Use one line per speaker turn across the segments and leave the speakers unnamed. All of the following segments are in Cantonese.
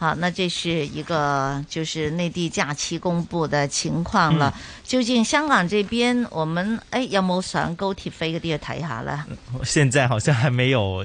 好，那這是一個就是內地假期公布的情況了。嗯，究竟香港這邊，我們誒，要麼船高鐵飛嗰啲去睇下咧？
現在好像還沒有。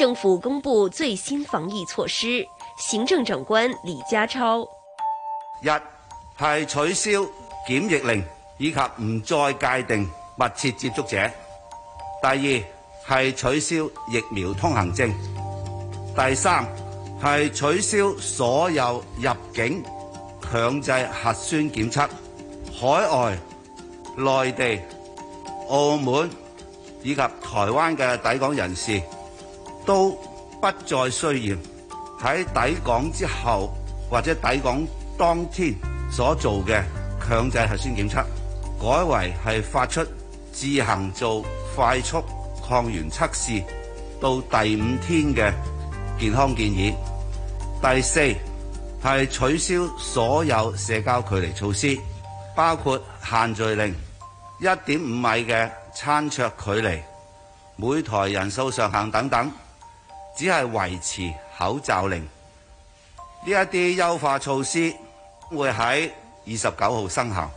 政府公布最新防疫措施，行政長官李家超：
一係取消檢疫令，以及唔再界定密切接觸者；第二係取消疫苗通行證；第三係取消所有入境強制核酸檢測。海外、內地、澳門以及台灣嘅抵港人士。都不再需要喺抵港之後或者抵港當天所做嘅強制核酸檢測，改為係發出自行做快速抗原測試到第五天嘅健康建議。第四，係取消所有社交距離措施，包括限聚令，一點五米嘅餐桌距離，每台人數上限等等。只係維持口罩令。呢一啲優化措施會喺二十九號生效。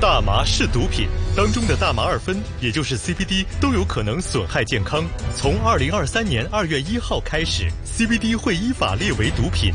大麻是毒品，當中的大麻二酚，也就是 CBD，都有可能損害健康。從二零二三年二月一號開始，CBD 會依法列為毒品。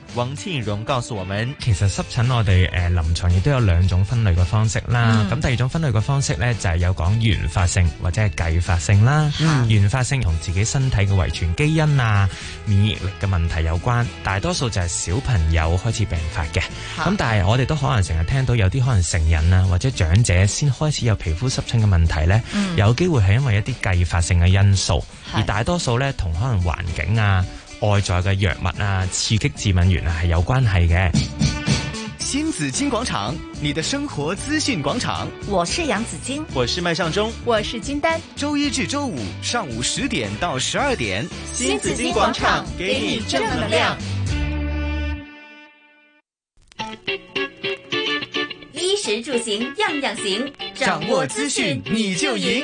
王慶榮告訴我們，其實濕疹我哋誒、呃、臨床亦都有兩種分類嘅方式啦。咁、嗯、第二種分類嘅方式咧，就係、是、有講原發性或者係繼發性啦。嗯、原發性同自己身體嘅遺傳基因啊、免疫力嘅問題有關，大多數就係小朋友開始病發嘅。咁、嗯、但係我哋都可能成日聽到有啲可能成人啊或者長者先開始有皮膚濕疹嘅問題咧，嗯、有機會係因為一啲繼發性嘅因素，嗯、而大多數咧同可能環境啊。外在嘅藥物啊，刺激致敏原啊，係有關係嘅。
新紫荊廣場，你的生活資訊廣場。我
是楊紫荊，我是麥尚中，我是金丹。周一至周五上午十點到十
二點，新紫荊廣場，給你正能量。
衣食住行樣樣行，掌握資訊你就贏。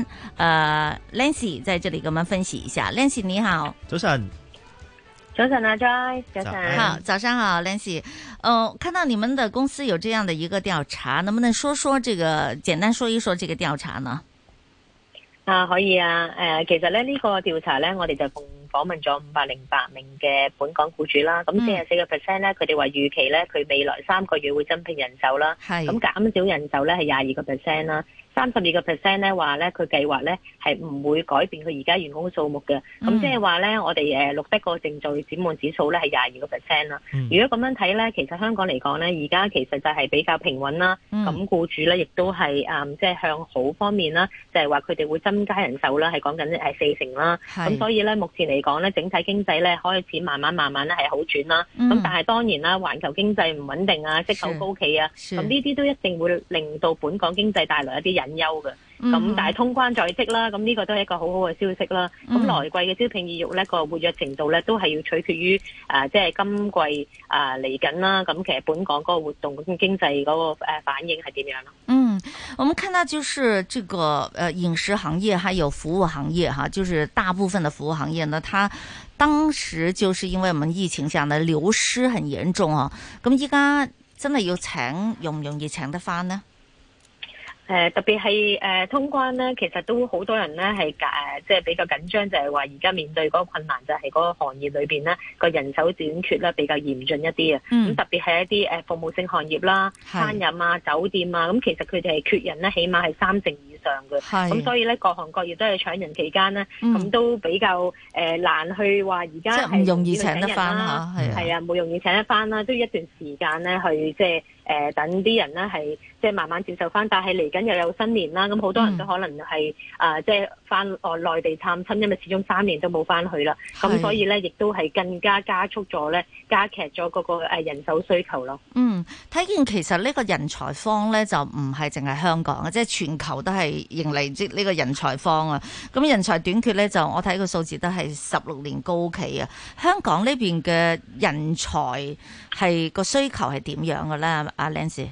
誒、呃、，Lancy 在這裏給我們分析一下，Lancy 你好，早晨，早晨啊 Joy，早晨，早安好，早上好，Lancy，哦、呃，看到你們的公司有這樣的一個調查，能不能說說這個，簡單說一說這個調查呢？
啊，可以啊，誒、呃，其實呢，呢、這個調查呢，我哋就共訪問咗五百零八名嘅本港雇主啦，咁四十四個 percent 咧，佢哋話預期呢，佢未來三個月會增聘人手啦，係是，咁、嗯、減少人手呢，係廿二個 percent 啦。三十二個 percent 咧，話咧佢計劃咧係唔會改變佢而家員工嘅數目嘅。咁、嗯、即係話咧，我哋誒錄得個淨就業展望指數咧係廿二個 percent 啦。嗯、如果咁樣睇咧，其實香港嚟講咧，而家其實就係比較平穩啦。咁僱、嗯、主咧亦都係誒即係向好方面啦，就係話佢哋會增加人手啦，係講緊係四成啦。咁是所以咧，目前嚟講咧，整體經濟咧開始慢慢慢慢咧係好轉啦。咁、嗯、但係當然啦，環球經濟唔穩定啊，息口高企啊，咁呢啲都一定會令到本港經濟帶來一啲人休嘅，咁、嗯、但係通關在即啦，咁呢個都係一個很好好嘅消息啦。咁來季嘅招聘意欲呢、那個活躍程度呢，都係要取決於誒、呃，即係今季誒嚟緊啦。咁其實本港嗰個活動、經濟嗰、那個誒、呃、反應係點樣咯？
嗯，我們看到就是這個誒飲食行業，還有服務行業哈，就是大部分的服務行業呢，它當時就是因為我們疫情下呢流失很嚴重啊。咁依家
真係要請，容唔容易請得返呢？誒、呃、特別係誒、呃、通關咧，其實都好多人咧係誒，即係比較緊張，就係話而家面對嗰個困難就係嗰個行業裏邊咧個人手短缺啦，比較嚴峻一啲啊。咁、嗯、特別係一啲誒、呃、服務性行業啦，是餐飲啊、酒店啊，咁其實佢哋係缺人咧，起碼係三成以上嘅。咁是、嗯、所以咧，各行各業都係搶人期間咧，咁、嗯、都比較誒、呃、難去話而家係唔容易請得翻嚇，係啊，冇、啊啊、容易請得翻啦，都要一段時間咧去、呃、呢即係誒等啲人咧係即係慢慢接受翻，但係嚟緊。又有新年啦，咁好多人都可能係誒，即係翻內地探親，因為始終三年都冇翻去啦，咁是所以咧，亦都係更加加速咗咧，加劇咗嗰個誒人手需求咯。嗯，
睇見其實呢個人才荒咧，就唔係淨係香港啊，即係全球都係迎嚟即呢個人才荒啊。咁人才短缺咧，就我睇個數字都係十六年高企啊。香港呢邊嘅人才係個需求係點樣嘅咧？阿 Lancy？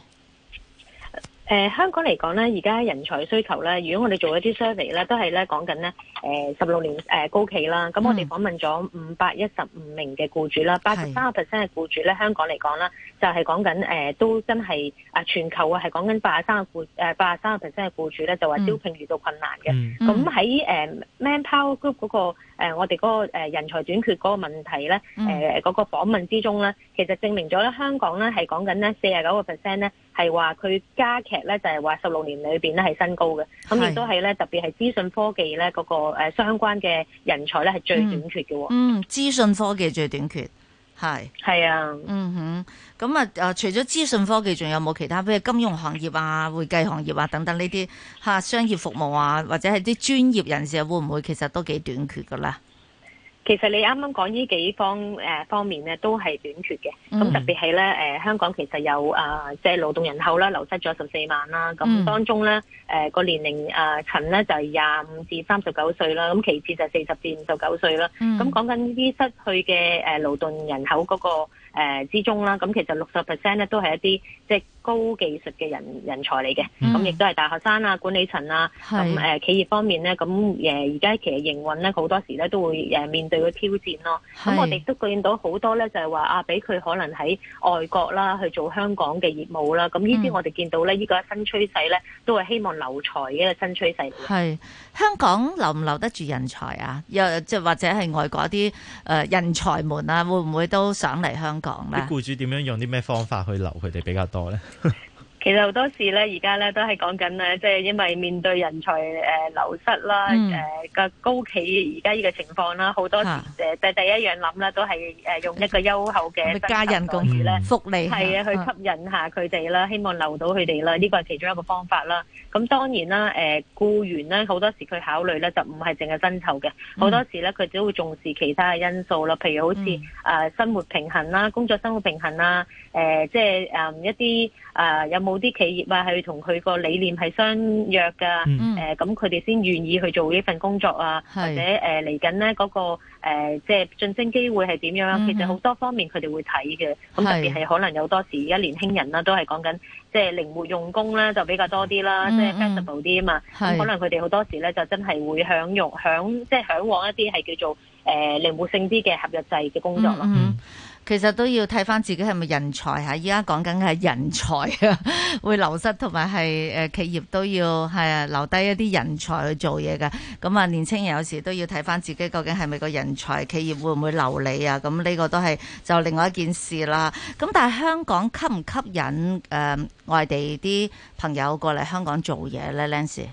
誒、呃、香港嚟講咧，而家人才需求咧，如果我哋做一啲 survey 咧，都係咧講緊咧，誒十六年誒、呃、高企啦。咁我哋訪問咗五百一十五名嘅僱主啦，八十三個 percent 嘅僱主咧，是香港嚟講啦，就係講緊誒都真係啊全球啊係講緊八十三個僱八十三個 percent 嘅僱主咧、呃，就話招聘遇到困難嘅。咁喺誒、嗯嗯呃、Manpower Group 嗰、那個、呃、我哋嗰個人才短缺嗰個問題咧，誒嗰、嗯呃那個訪問之中咧，其實證明咗咧香港咧係講緊咧四十九個 percent 咧。係話佢加劇咧，就係話十六年裏邊咧係新高嘅，咁亦都係咧特別係資訊科技咧嗰個誒相關嘅人才咧係最短缺嘅、嗯。嗯，資
訊科技最短缺，係，係啊，嗯哼，咁啊誒除咗資訊科技，仲有冇其他？譬如金融行業啊、會計行業啊等等呢啲吓商業服務啊，或者係啲專業人士啊，會唔會其實都幾短缺噶啦？
其實你啱啱講呢幾方誒、呃、方面咧，都係短缺嘅。咁特別係咧誒，香港其實有啊，即係勞動人口啦，流失咗十四萬啦。咁、嗯、當中咧誒個年齡啊，層、呃、咧就係廿五至三十九歲啦。咁其次就四十至五十九歲啦。咁講緊呢啲失去嘅誒勞動人口嗰、嗰個、呃、之中啦，咁其實六十 percent 咧都係一啲。即係高技術嘅人人才嚟嘅，咁、嗯、亦都係大學生啊、管理層啊，咁誒是企業方面咧，咁誒而家其實營運咧好多時咧都會誒面對個挑戰咯。咁是我哋都見到好多咧，就係話啊，俾佢可能喺外國啦去做香港嘅業務啦。咁呢啲我哋見到咧，呢個新趨勢咧都係希望留才嘅一個新趨勢。
係香港留唔留得住人才啊？又即係或者係外國啲誒人才們啊，會唔會都想嚟香港咧？僱
主點樣用啲咩方法去留佢哋比較多？我
其實好多時咧，而家咧都係講緊咧，即、就、係、是、因為面對人才誒、呃、流失啦，誒個、嗯呃、高企而家呢個情況啦，好多時誒第、啊、第一樣諗啦，都係誒用一個優厚嘅加人工資咧福利係啊去吸引一下佢哋啦，嗯、希望留到佢哋啦，呢個係其中一個方法啦。咁當然啦，誒、呃、僱員咧好多時佢考慮咧就唔係淨係薪酬嘅，好多時咧佢都會重視其他嘅因素啦，譬如好似誒、嗯啊、生活平衡啦，工作生活平衡啦。誒、呃，即係誒、嗯、一啲啊、呃，有冇啲企業啊，係同佢個理念係相約噶？誒、嗯，咁佢哋先願意去做呢份工作啊，是或者誒嚟緊咧嗰個、呃、即係晉升機會係點樣啊？其實好多方面佢哋會睇嘅。咁、嗯、特別係可能有多時而家年輕人啦，都係講緊即係靈活用工啦，就比較多啲啦，嗯、即係 flexible 啲啊嘛。咁是、嗯、可能佢哋好多時咧就真係會享用享，即係向往一啲係叫做誒、呃、靈活性啲嘅合約制嘅工作咯。嗯嗯嗯
其實都要睇翻自己係咪人才嚇，依家講緊嘅係人才啊，會流失同埋係誒企業都要係留低一啲人才去做嘢嘅。咁啊，年輕人有時都要睇翻自己究竟係咪個人才，企業會唔會留你啊？咁呢個都係就另外一件事啦。咁但係香港吸唔吸引誒、呃、外地啲朋友過嚟香港做嘢咧，Lancy？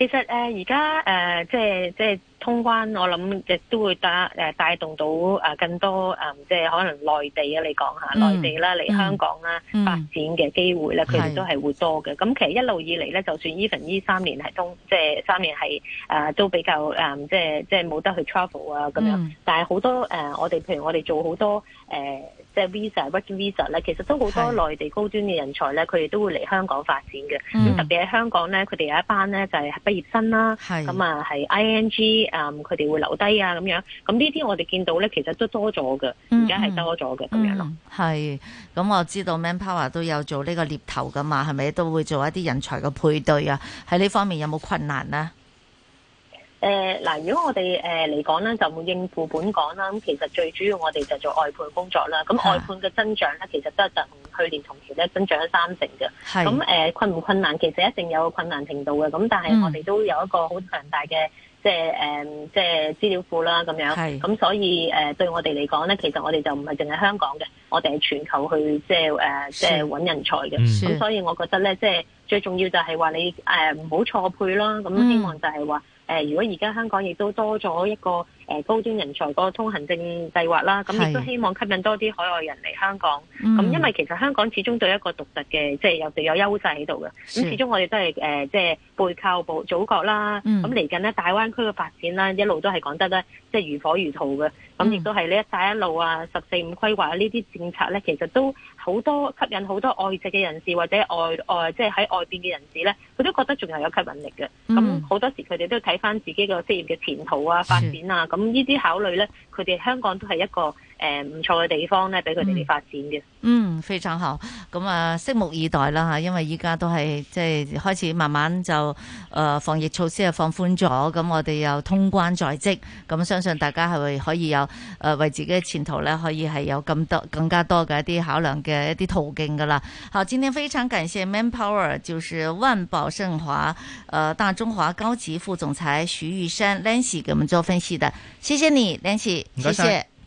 其實誒，而家誒，即係即係通關，我諗亦都會帶誒、呃、帶動到誒更多誒、呃，即係可能內地啊，你講下、嗯、內地啦、啊，嚟香港啦、啊嗯、
發展
嘅機會咧，佢哋都係會多嘅。咁是的 其實一路以嚟咧，就算 even 呢三年係通，即係三年係誒、呃、都比較誒、呃，即係即係冇得去 travel 啊咁樣。嗯、但係好多誒、呃，我哋譬如我哋做好多誒。呃即係 visa，work visa 咧，其實都好多內地高端嘅人才咧，佢哋是都會嚟香港發展嘅。咁、嗯、特別喺香港咧，佢哋有一班咧就係畢業生啦，咁啊係 ING，誒佢哋會留低啊咁樣。咁呢啲我哋見到咧，其實都多咗嘅，而家係多咗嘅咁
樣咯。係、嗯，咁我知道 Manpower 都有做呢個獵頭噶嘛，係咪都會做一啲人才嘅配對啊？喺呢方面有冇困難啊？
誒，嗱、呃，如果我哋誒嚟講咧，就會應付本港啦。咁其實最主要我哋就做外判工作啦。咁外判嘅增長咧，啊、其實都係同去年同期咧增長咗三成嘅。咁誒是、呃，困唔困難？其實一定有困難程度嘅。咁但係我哋都有一個好強大嘅即係誒即係資料庫啦。咁樣。咁是所以誒、呃、對我哋嚟講咧，其實我哋就唔係淨係香港嘅，我哋係全球去即係誒即係搵人才嘅。咁、嗯嗯、所以我覺得咧，即係最重要就係話你誒唔好錯配啦。咁希望就係話。嗯誒，如果而家香港亦都多咗一個誒高端人才個通行證計劃啦，咁亦都希望吸引多啲海外人嚟香港。咁是因為其實香港始終對一個獨特嘅，即係有對有優勢喺度嘅。咁是始終我哋都係誒，即係背靠部祖國啦。咁嚟緊呢大灣區嘅發展啦，一路都係講得咧，即係如火如荼嘅。咁亦都係呢一帶一路啊、十四五規劃啊呢啲政策咧，其實都。好多，吸引好多外籍嘅人士或者外外即係喺外邊嘅人士咧，佢都覺得仲係有吸引力嘅。咁好、嗯、多時，佢哋都睇翻自己個職業嘅前途啊、發展啊。咁是呢啲考慮咧，佢哋香港都係一個。誒，唔錯嘅地方
咧，俾佢哋哋發展嘅。嗯，非常好。咁啊，拭目以待啦吓，因為依家都係即係開始慢慢就誒、呃、防疫措施係放寬咗，咁我哋又通關在即，咁相信大家係會可以有誒、呃、為自己嘅前途咧，可以係有更多、更加多嘅一啲考量嘅一啲途徑噶啦。好，今天非常感謝 Manpower，就是萬寶盛華誒大中華高級副總裁徐玉珊 Lancy 咁做分析的，謝謝你，Lancy，
謝謝。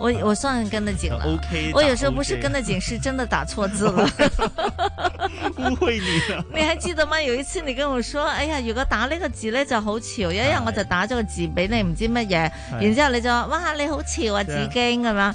我我算跟得緊了，okay, 我有時候不是跟得緊，
OK 是真的打錯字了， 誤會你了。你還記得嗎？有一次你跟我說，哎呀，如果打呢個字咧就好潮，有一日我就打咗個字俾你，唔知乜嘢，然之後你就哇，你好潮啊，紫荊咁樣。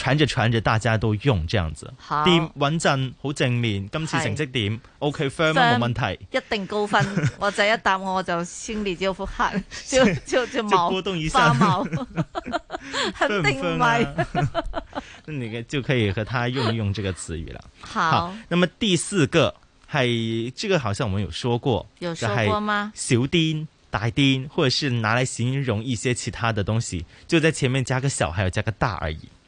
傳着傳着大家都用這樣子，掂穩陣，好正面。今次成績點？OK，firm 冇問題，一
定高分。或者一答我就先裂焦幅黑，就就就波動一下，冇，
肯定唔係。咁
你就可以和他用一用這個詞語啦。
好，
那麼第四個係，這個好像我們有說過，
有說過嗎？
小啲、大啲，或者是拿來形容一些其他的東西，就在前面加個小，還有加個大而已。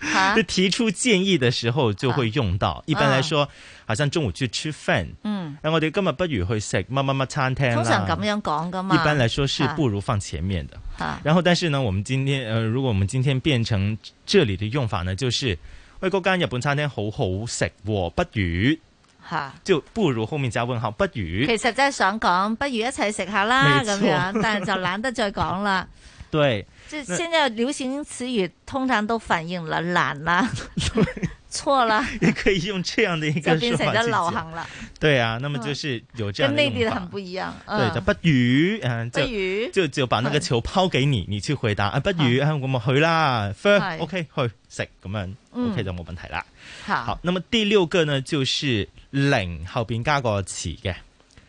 就提出建議的時候就會用到，啊、一般來說，啊、好像中午去吃飯，嗯，咁我哋今日不如去食乜乜乜餐廳啦。通常咁
樣講噶嘛，一般來說是不
如放前面的。啊啊、然後，但是呢，我們今天，呃，如果我們今天變成這裏的用法呢，就是，喂，嗰間日本餐廳好好食，我不如，吓、啊，就不如後面加問號不如。其
實真係想講不如一齊食下啦咁沒錯 樣，但係就懶得再講啦。
對。現在
流行詞語通常都反映了懶了，錯了。
也可以用這樣的一個說法。變成得流行了。對啊，那麼就是有這樣。跟內地的很
不一樣。對，就
不如。不如。就就把那個球拋給你，你去回答。啊，不如啊，我們去啦。firm，OK，去食，咁樣 OK 就冇問題啦。好，那麼第六個呢，就是零後邊加個詞嘅。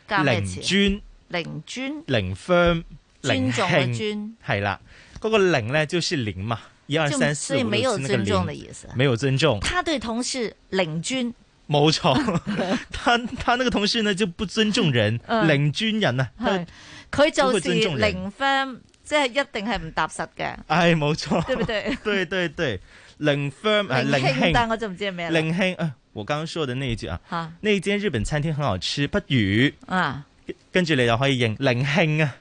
加咩詞？零尊。
零尊。
零 firm。尊重嘅尊？係啦。嗰個零咧就是零嘛，一二三四五，呢個零，所以沒有尊重的意思，沒有尊重。他
對同事零尊，
冇錯。他那個同事呢就不尊重人，零尊人啊。
佢佢就是零 firm，即係一定係唔踏實嘅。
哎冇錯，對不對？對對對，零 firm 啊，零慶。我
最近我唔見零
慶，我剛剛說的那一句啊，那間日本餐廳很好吃，不如，跟住你就可以認零慶啊。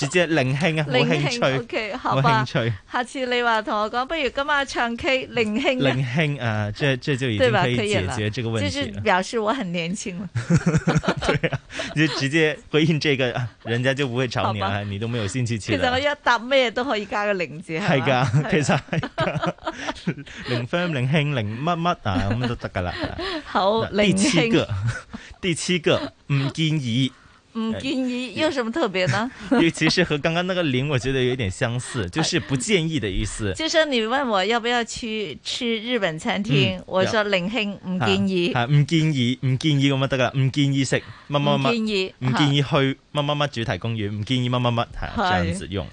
直接零慶啊，冇興趣，冇興趣。下
次你話同我講，不如今晚唱 K 零慶。零
慶誒，即係即係就已經可以解決這個問題。就是
表示我很年輕了。
對啊，就直接回應這個，人家就唔會吵你啦。你都冇有興趣去。其實我一
答咩都可以加個零字係。
係噶，其實係噶。零 friend 零慶零乜乜啊，咁都得噶啦。好，第七個，第七個唔建議。嗯，唔建
議有什麼特別呢？
其實和剛剛那個零，我覺得有點相似， 就是不建議的意思，嗯。就
說你問我要不要去吃日本餐廳，我說零星，唔
建議。係唔建議，唔建議咁咪得噶，唔建議食乜乜乜，唔建議，唔建議去乜乜乜主題公園，唔建議乜乜乜，係這樣子用了。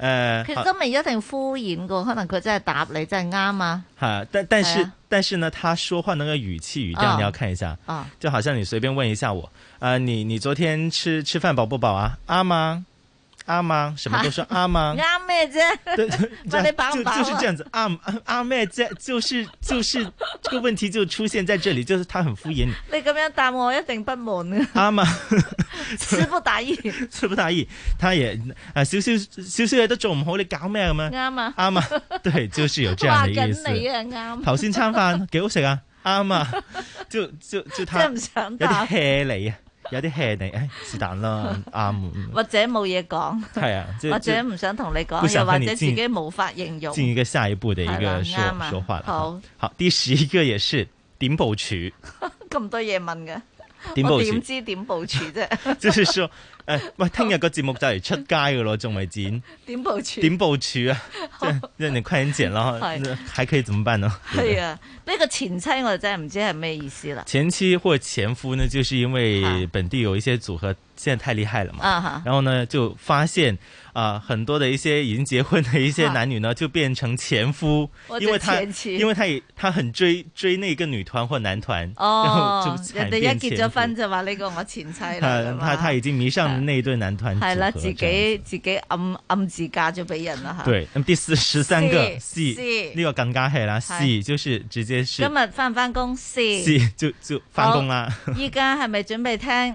呃、其實都
未一定敷衍過，可能佢真係答你真係啱啊。
吓、啊，但但是，是、啊、但是呢，他說話那個語氣語調、哦、你要看一下，啊、哦，就好像你隨便問一下我，啊、呃，你你昨天吃吃飯飽不飽啊，啱、啊、嗎啱啊，什麼都是啱啊，啱咩啫？對，就就是這樣子，阿阿阿妹在，就是就是，這個問題就出現在這裏，就是他很敷衍你。
你咁樣答我，我一定不滿啊。
啱啊！詞不達意，詞不達意。他也啊，少少少少嘢都做唔好，你搞咩咁樣啊？啱啊，啱啊，對，就是有這樣的意思。話緊你啊，啱。頭先餐飯幾好食啊，啱啊，就，就，就，他有啲 hea 你啊。有啲 hea 你，哎，是但啦，啱。
或者冇嘢講。係
啊，或者唔
想同你講，又或者自己無法形容。第二
個下一步嘅一個說說法。好，好，第十一個也是點部署。
咁多嘢問嘅，
點部署？我點知
點部署啫，即係
說。喂，聽日、 哎、個節目就嚟出街噶咯，仲未剪？
點部署？點
部署啊？即係 好你快啲剪咯， 還可以怎麼辦呢？係
啊，呢 的、那個前妻我就真係唔知係咩意思啦。
前妻或前夫呢，就是因為本地有一些組合。現在太厲害了嘛，然後呢，就發現啊，很多的一些已經結婚的一些男女呢，就變成前夫，因為前妻，因為他也他很追追那個女團或男團，然後人哋一結咗
婚就話呢個我前妻啦，係嘛？他
他已經迷上那對男團，係啦，自己
自己暗暗自嫁咗俾人啦，對，
那麼第四十三個 C，呢個更加係啦，C 就是直接是。今
日翻唔翻工？C，就
就翻工啦。依
家係咪準備聽？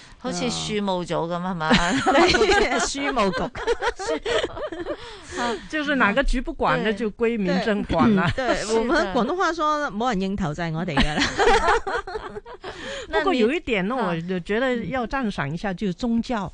好似庶務組咁係嘛？庶務局，就是哪個局不管呢，就歸民政管啦。對，我們廣東話說冇人認頭，就係我哋嘅啦。不過有一點呢，我就覺得要讚賞一下，就是宗教。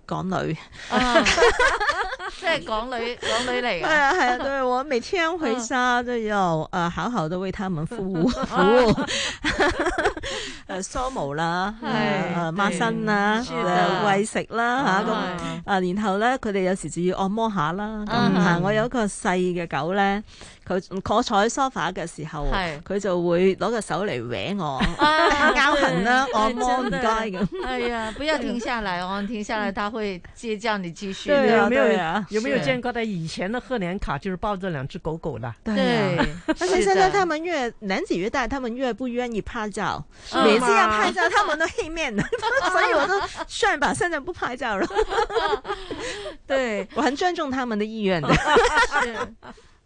港女，uh huh. 即係港女， 港女嚟
噶。係、 uh huh. 啊，係啊，都
我每天回沙，都有誒，好好的為他們服務誒梳毛啦，係誒抹身啦，餵、uh huh. 食啦吓咁、uh huh. 啊，然後咧佢哋有時就要按摩下啦。咁、uh huh. 啊、我有一個細嘅狗咧。佢我坐喺 sofa 嘅時候，佢就會攞個手嚟搲我，
咬痕啦，按摩唔該咁。哎
呀，不要停下來，我停下來，他
會接叫你繼
續。對，有沒有有沒有見過？
但以前的賀年卡就是抱着兩隻狗狗啦。對，而且現在他
們越年紀越大，他們越不願意拍照，每次要拍照他們都黑面啦，所以我都算吧，現在不拍照了。對，我很尊重他們的意願的。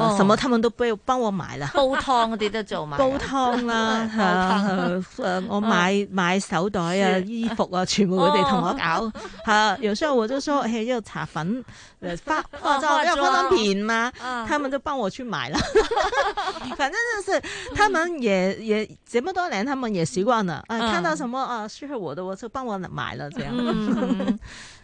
啊、什麼他們都不要幫我買了，煲
湯嗰啲都做埋，煲湯啦，
我買買手袋啊、是衣服啊，全部佢哋同我搞。係、 啊啊，有時候我就說嘿，要搽粉、誒化
化妝要化妝品
嘛，啊、他們都幫我去買了 反正就是，他們也也這麼多年，他們也習慣了誒，嗯、看到什麼啊，需要我的，我就幫我買了，這樣、嗯嗯